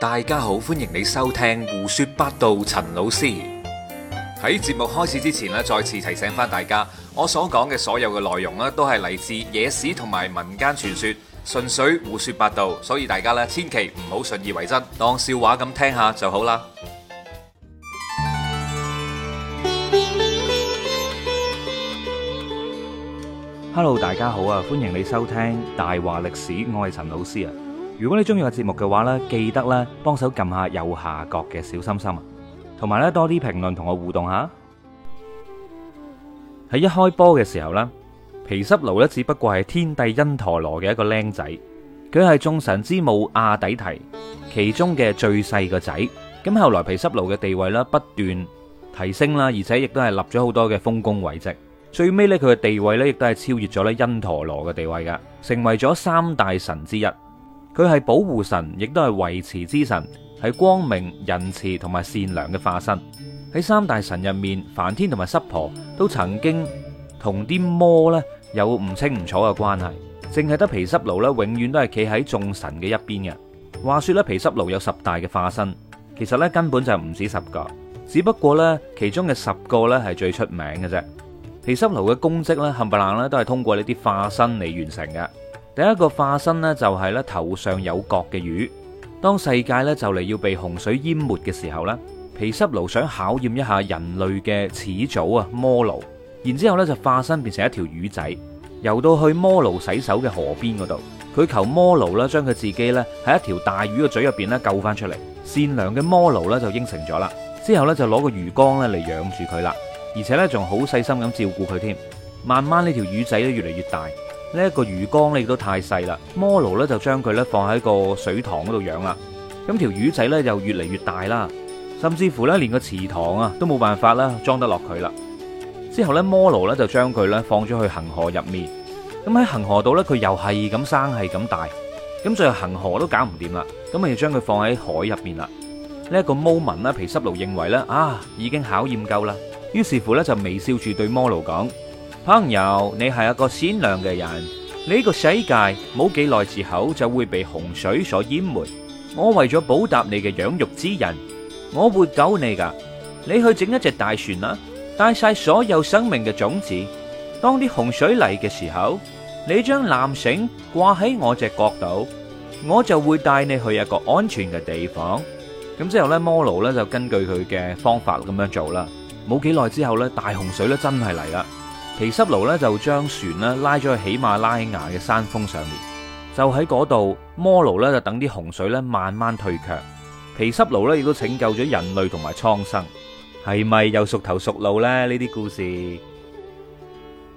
大家好，歡迎你收聽胡說八道。陳老師喺節目開始之前咧，再次提醒翻大家，我所講嘅所有嘅內容咧都係嚟自野史同埋民間傳說，純粹胡說八道，所以大家咧千祈唔好信以為真，當笑話咁聽下就好啦。Hello，大家好啊，歡迎你收聽大話歷史，我係陳老師啊。如果你中意個節目嘅話呢，記得咧幫手撳下右下角嘅小心心，同埋咧多啲評論同我互動下。喺一開波嘅時候呢，毗濕奴呢只不過係天帝因陀羅嘅一個僆仔，佢係眾神之母阿底提其中嘅最細個仔。咁後來毗濕奴嘅地位咧不斷提升啦，而且亦都係立咗好多嘅豐功偉績。最尾呢，佢嘅地位咧亦都係超越咗咧因陀羅嘅地位噶，成為咗三大神之一。佢係保護神，亦都係維持之神，係光明仁慈同埋善良嘅化身。喺三大神入面，梵天同埋濕婆都曾經同啲魔咧有唔清唔楚嘅關係，淨係得毗濕奴咧永遠都係企喺眾神嘅一邊嘅。話說咧，毗濕奴有十大嘅化身，其實咧根本就唔止十個，只不過咧其中嘅十個咧係最出名嘅啫。毗濕奴嘅功績咧冚唪唥咧都係通過呢啲化身嚟完成嘅。第一個化身呢，就係咧頭上有角嘅魚，當世界咧就嚟要被洪水淹沒嘅時候啦，毗濕奴想考驗一下人類嘅始祖啊摩奴，然之後咧就化身變成一條魚仔，游到去摩奴洗手嘅河邊嗰度，佢求摩奴咧將佢自己咧喺一條大魚嘅嘴入邊咧救翻出嚟，善良嘅摩奴咧就應承咗啦，之後呢，就攞個魚缸咧嚟養住佢啦，而且咧仲好細心咁照顧佢添，慢慢呢條魚仔咧越嚟越大。呢一個魚缸咧都太細啦，摩羅咧就將佢咧放喺個水塘嗰度養啦。咁條魚仔咧就越嚟越大啦，甚至乎咧連個池塘啊都冇辦法啦裝得落佢啦。之後咧摩羅咧就將佢咧放咗去恒河入面。咁喺恒河度咧佢又係咁生係咁大。咁最後恒河都搞唔掂啦，咁咪就將佢放喺海入面啦。呢一個 moment 咧毗濕奴認為咧啊已經考驗夠啦，於是乎咧就微笑住對摩羅講。朋友，你係一個善良嘅人。呢個世界冇幾耐之後就會被洪水所淹沒。我為咗報答你嘅養育之恩，我會救你噶。你去整一隻大船啦，帶晒所有生命嘅種子。當啲洪水嚟嘅時候，你將纜繩掛喺我隻角度，我就會帶你去一個安全嘅地方。咁之後呢，摩奴呢就根據佢嘅方法咁樣做啦。冇幾耐之後呢，大洪水咧真係嚟啦。毗濕奴咧就將船咧拉咗去喜馬拉雅嘅山峰上面，就喺嗰度摩奴咧就等啲洪水咧慢慢退卻。毗濕奴咧亦都拯救咗人類同埋蒼生，係咪又熟頭熟路咧？呢啲故事，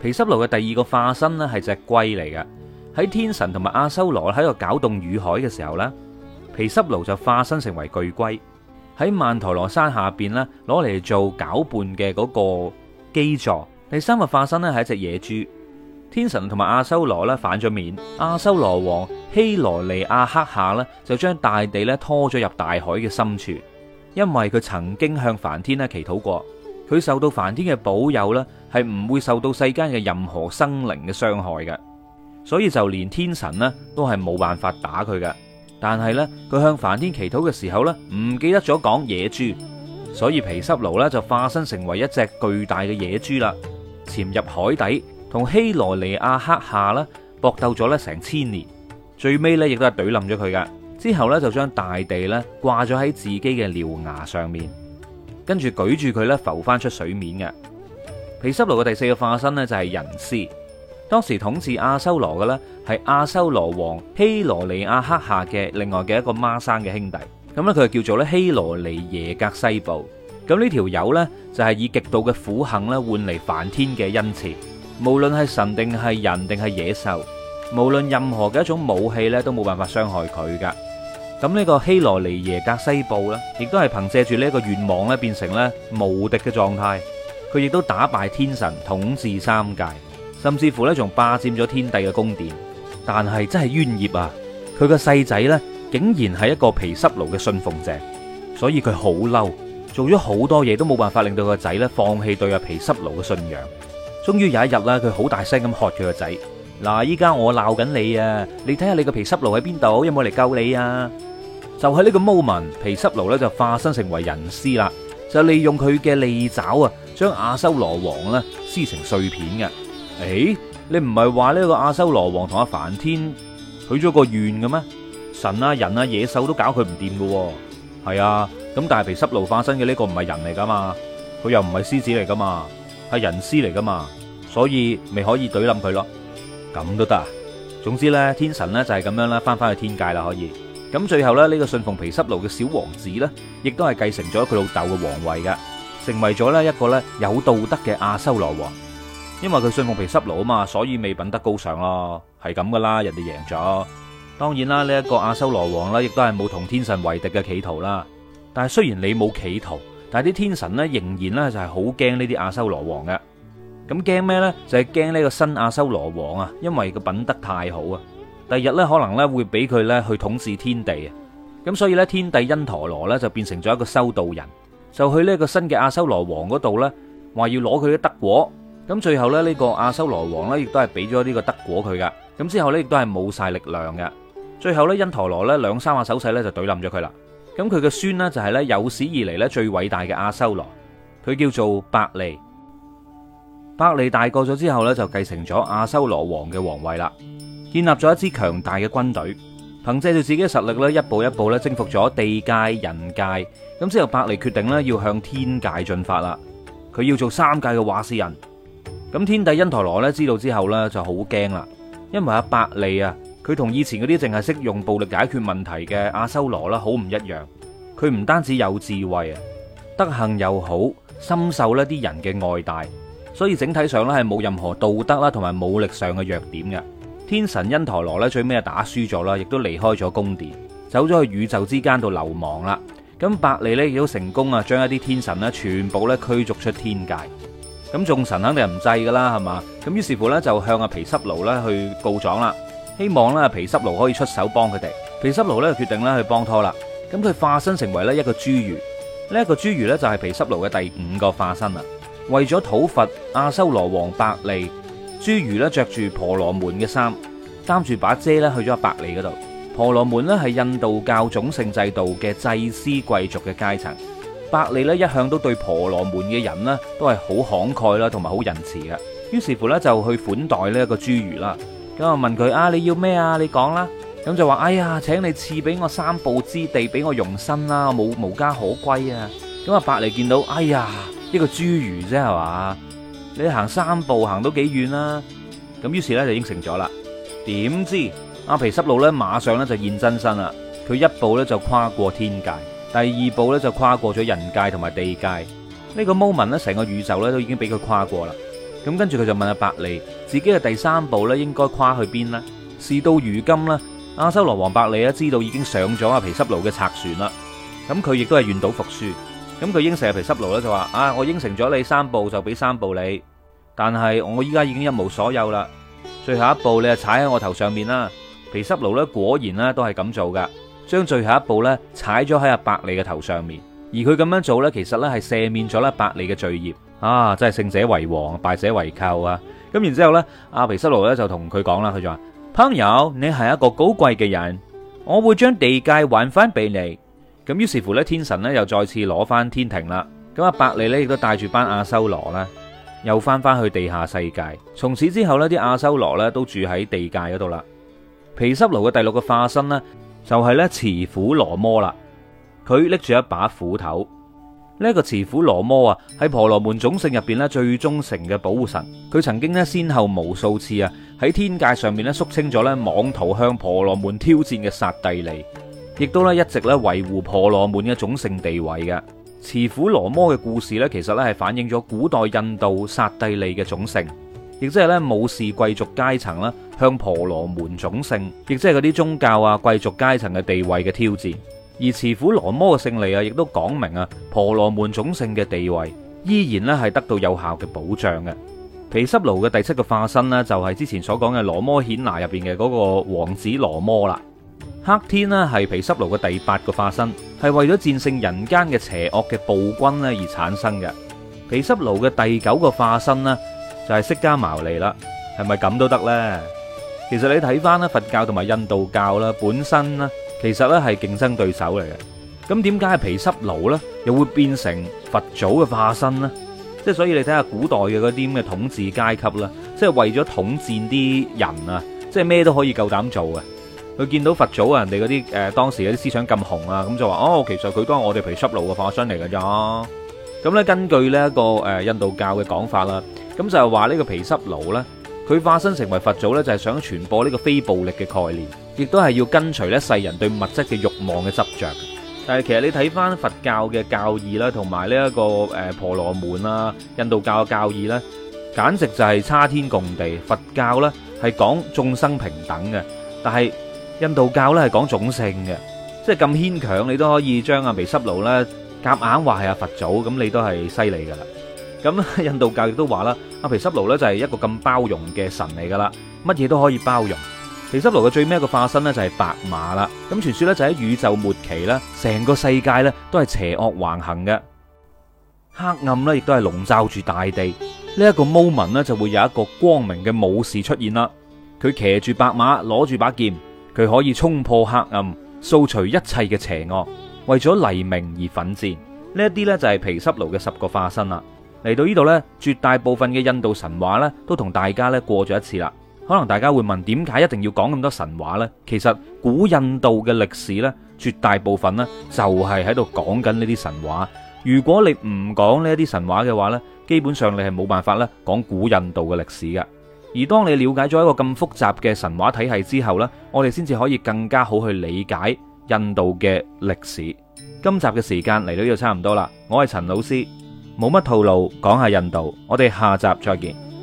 毗濕奴嘅第二個化身咧係隻龜嚟嘅。喺天神同埋阿修羅喺度攪動乳海嘅時候咧，毗濕奴就化身成為巨龜，喺曼陀羅山下邊咧攞嚟做攪拌嘅嗰個基座。第三個化身咧係一隻野豬，天神同埋阿修羅反咗面，阿修羅王希羅尼亞克夏就將大地拖咗入大海嘅深處，因為佢曾經向梵天祈禱過，佢受到梵天嘅保佑咧係唔會受到世間嘅任何生靈嘅傷害嘅，所以就連天神都係冇辦法打佢嘅，但係咧佢向梵天祈禱嘅時候咧唔記得咗講野豬，所以毗濕奴就化身成為一隻巨大嘅野豬啦。潛入海底，同希羅尼亞克夏咧搏鬥咗咧成千年，最尾咧亦都係懟冧咗佢噶。之後咧就將大地咧掛咗喺自己嘅獠牙上面，跟住舉住佢咧浮翻出水面嘅。毗濕奴嘅第四個化身咧就係人獅。當時統治阿修羅嘅咧係阿修羅王希羅尼亞克夏嘅另外嘅一個孖生嘅兄弟，咁咧佢就叫做咧希羅尼耶格西部。咁呢條友呢，就係、是、以極度嘅苦行呢換嚟梵天嘅恩賜，無論係神定係人定係野獸，無論任何嘅一種武器呢，都冇辦法傷害佢噶。咁呢個希羅尼耶格西布呢，亦都係憑借住呢個願望呢變成咧無敵嘅狀態，佢亦都打敗天神，統治三界，甚至乎呢仲霸佔咗天帝嘅宮殿。但係真係冤孽啊！佢個細仔呢，竟然係一個毗濕奴嘅信奉者，所以佢好嬲。做咗好多嘢都冇辦法令到個仔呢放棄對阿毗濕奴嘅信仰，終於有一日啦，佢好大聲咁喝佢個仔嗱，依家我鬧緊你啊！你睇下你個毗濕奴喺邊度，有冇嚟救你啊？就喺呢個 moment，毗濕奴呢就化身成為人尸啦，就利用佢嘅利爪啊，將阿修羅王呢撕成碎片嘅。誒、哎，你唔係話呢個阿修羅王同阿梵天許咗個願嘅咩？神啊，人啊，野獸都搞佢唔掂噶，係啊。咁大毗濕奴化身嘅呢個唔係人嚟噶嘛佢又唔係獅子嚟噶嘛係人獅嚟噶嘛所以咪可以懟冧佢咯。咁都得。總之咧，天神咧就係咁樣啦，翻返去天界啦，可以咁最後咧呢個信奉毗濕奴嘅小王子咧，亦都係繼承咗佢老豆嘅皇位噶，成為咗咧一個咧有道德嘅阿修羅王。因為佢信奉毗濕奴啊嘛，所以未品德高尚咯，係咁噶啦。人哋贏咗，當然啦呢一個阿修羅王咧，亦都係冇同天神為敵嘅企圖啦。但係雖然你冇企圖，但係啲天神呢仍然呢就係好驚呢啲阿修羅王嘅，咁驚咩呢？就係驚呢個新阿修羅王啊，因為個品德太好啊，第日呢，可能呢會俾佢呢去統治天地啊，咁所以呢，天帝因陀羅呢就變成咗一個修道人，就去呢個新嘅阿修羅王嗰度呢話要攞佢啲德果，咁最後咧呢個阿修羅王呢亦都係俾咗呢個德果佢噶，咁之後呢，亦都係冇晒力量嘅，最後呢，因陀羅呢兩三下手勢呢，就懟冧咗佢啦。咁佢嘅孫呢就係呢有史以嚟呢最偉大嘅阿修羅，佢叫做百利。百利大個咗之後呢就繼承咗阿修羅王嘅皇位啦，建立咗一支強大嘅軍隊，憑借住自己嘅實力呢一步一步咧征服咗地界、人界，咁之後百利決定呢要向天界進發啦，佢要做三界嘅話事人。咁天帝因陀羅呢知道之後呢就好驚啦，因為阿百利啊。佢同以前嗰啲淨係識用暴力解決問題嘅阿修羅啦，好唔一樣。佢唔單止有智慧啊，德行又好，深受呢啲人嘅愛戴，所以整體上咧係冇任何道德啦同埋武力上嘅弱點嘅。天神因陀羅咧最尾啊打輸咗啦，亦都離開咗宮殿，走咗去宇宙之間度流亡啦。咁百利呢，亦都成功啊，將一啲天神呢全部咧驅逐出天界。咁眾神肯定係唔制噶啦，係嘛？咁於是乎呢，就向阿毗濕奴咧去告狀啦。希望咧毗濕奴可以出手幫佢哋，毗濕奴咧決定咧去幫拖啦。咁佢化身成為咧一個侏儒，呢、這、一個侏儒就係毗濕奴嘅第五個化身啦。為咗討伐阿修羅王白利，侏儒着住婆羅門嘅衫，擔住把遮咧去咗阿白利嗰度。婆羅門咧係印度教種姓制度嘅祭司貴族嘅階層，白利一向都對婆羅門嘅人都係好慷慨啦，同埋好仁慈嘅。於是乎就去款待呢一個侏儒啦。咁啊問佢啊，你要咩啊？你講啦。咁就話，哎呀，請你賜俾我三步之地俾我容身啦，我冇無家可歸啊。咁啊隔籬見到，哎呀，呢個侏儒啫係嘛，你行三步行到幾遠啦、啊、咁於是咧就應承咗啦。點知阿皮濕路咧馬上咧就現真身啦，佢一步咧就跨過天界，第二步咧就跨過咗人界同埋地界呢、呢個 moment 咧成個宇宙咧都已經俾佢跨過啦。咁跟住佢就問阿白利，自己嘅第三步呢應該跨去邊呢？事到如今呢，阿修羅王白利呢知道已經上咗阿毗濕奴嘅賊船啦。咁佢亦都係願賭服輸。咁佢應承阿毗濕奴咧就話：啊，我應承咗你三步就俾三步你，但係我依家已經一無所有啦。最後一步你就踩喺我頭上面啦。毗濕奴咧果然呢都係咁做噶，將最後一步呢踩咗喺阿白利嘅頭上面。而佢咁樣做呢，其實呢係赦免咗咧白利嘅罪業。啊，真係勝者為王，敗者為寇啊！咁然之後呢，阿毗濕奴呢就同佢講啦，佢就話：朋友，你係一個高貴嘅人，我會將地界還翻俾你。咁於是乎呢，天神呢又再次攞翻天庭啦。咁阿百利呢亦都帶住班阿修羅啦，又翻翻去地下世界。從此之後呢，啲阿修羅呢都住喺地界嗰度啦。毗濕奴嘅第六個化身呢，就係呢慈虎羅摩啦，佢拎住一把斧頭。呢、這、一個慈父羅摩啊，喺婆羅門種姓入邊咧，最忠誠嘅保護神。佢曾經呢，先後無數次啊喺天界上面咧，肅清咗咧妄圖向婆羅門挑戰嘅剎帝利，亦都咧一直咧維護婆羅門嘅種姓地位嘅。慈父羅摩嘅故事咧，其實咧係反映咗古代印度剎帝利嘅種姓，亦即係咧武士貴族階層啦，向婆羅門種姓，亦即係嗰啲宗教啊貴族階層嘅地位嘅挑戰。而持斧羅摩嘅勝利啊，亦都講明啊，婆羅門種姓嘅地位依然咧係得到有效嘅保障嘅。毗濕奴嘅第七個化身咧，就係之前所講嘅羅摩衍那入邊嘅嗰個王子羅摩啦。黑天咧係毗濕奴嘅第八個化身，係為咗戰勝人間嘅邪惡嘅暴君咧而產生嘅。毗濕奴嘅第九個化身咧就係釋迦牟尼啦，係咪咁都得呢？其實你睇翻咧佛教同埋印度教啦，本身啦。其實咧係競爭對手嚟嘅，咁點解係毗濕奴呢？又會變成佛祖嘅化身呢？即係所以你睇下古代嘅嗰啲咁嘅統治階級啦，即係為咗統戰啲人啊，即係咩都可以夠膽做啊。佢見到佛祖啊，人哋嗰啲誒當時嗰啲思想咁紅啊，咁就話哦，其實佢都係我哋毗濕奴嘅化身嚟嘅咋？咁呢？根據呢一個誒印度教嘅講法啦，咁就係話呢個毗濕奴呢，佢化身成為佛祖呢，就係想傳播呢個非暴力嘅概念。亦都係要跟隨咧世人對物質嘅欲望嘅執着，但係其實你睇翻佛教嘅教義啦，同埋呢一個誒婆羅門啦、印度教嘅教義咧，簡直就係差天共地。佛教咧係講眾生平等嘅，但係印度教咧係講種姓嘅，即係咁牽強，你都可以將阿毗濕奴咧夾硬話係阿佛祖，咁你都係犀利噶啦。咁印度教亦都話啦，阿毗濕奴咧就係一個咁包容嘅神嚟噶啦，乜嘢都可以包容。毗濕奴嘅最尾一個化身就係白馬啦。咁傳說咧就喺宇宙末期咧成個世界咧都係邪惡橫行嘅，黑暗咧亦都係籠罩住大地。呢一個 moment 就會有一個光明嘅武士出現啦。佢騎住白馬，攞住把劍，佢可以衝破黑暗，掃除一切嘅邪惡，為咗黎明而奮戰。呢一啲呢就係毗濕奴嘅十個化身啦。嚟到呢度呢，絕大部分嘅印度神話呢都同大家咧過咗一次啦。可能大家會問，點解一定要講咁多神話呢？其實古印度嘅歷史呢，絕大部分呢就係喺度講緊呢啲神話。如果你唔講呢啲神話嘅話呢，基本上你係冇辦法咧講古印度嘅歷史嘅。而當你了解咗一個咁複雜嘅神話體系之後呢，我哋先至可以更加好去理解印度嘅歷史。今集嘅時間嚟到呢度差唔多啦，我係陳老師，冇乜套路，講下印度，我哋下集再見。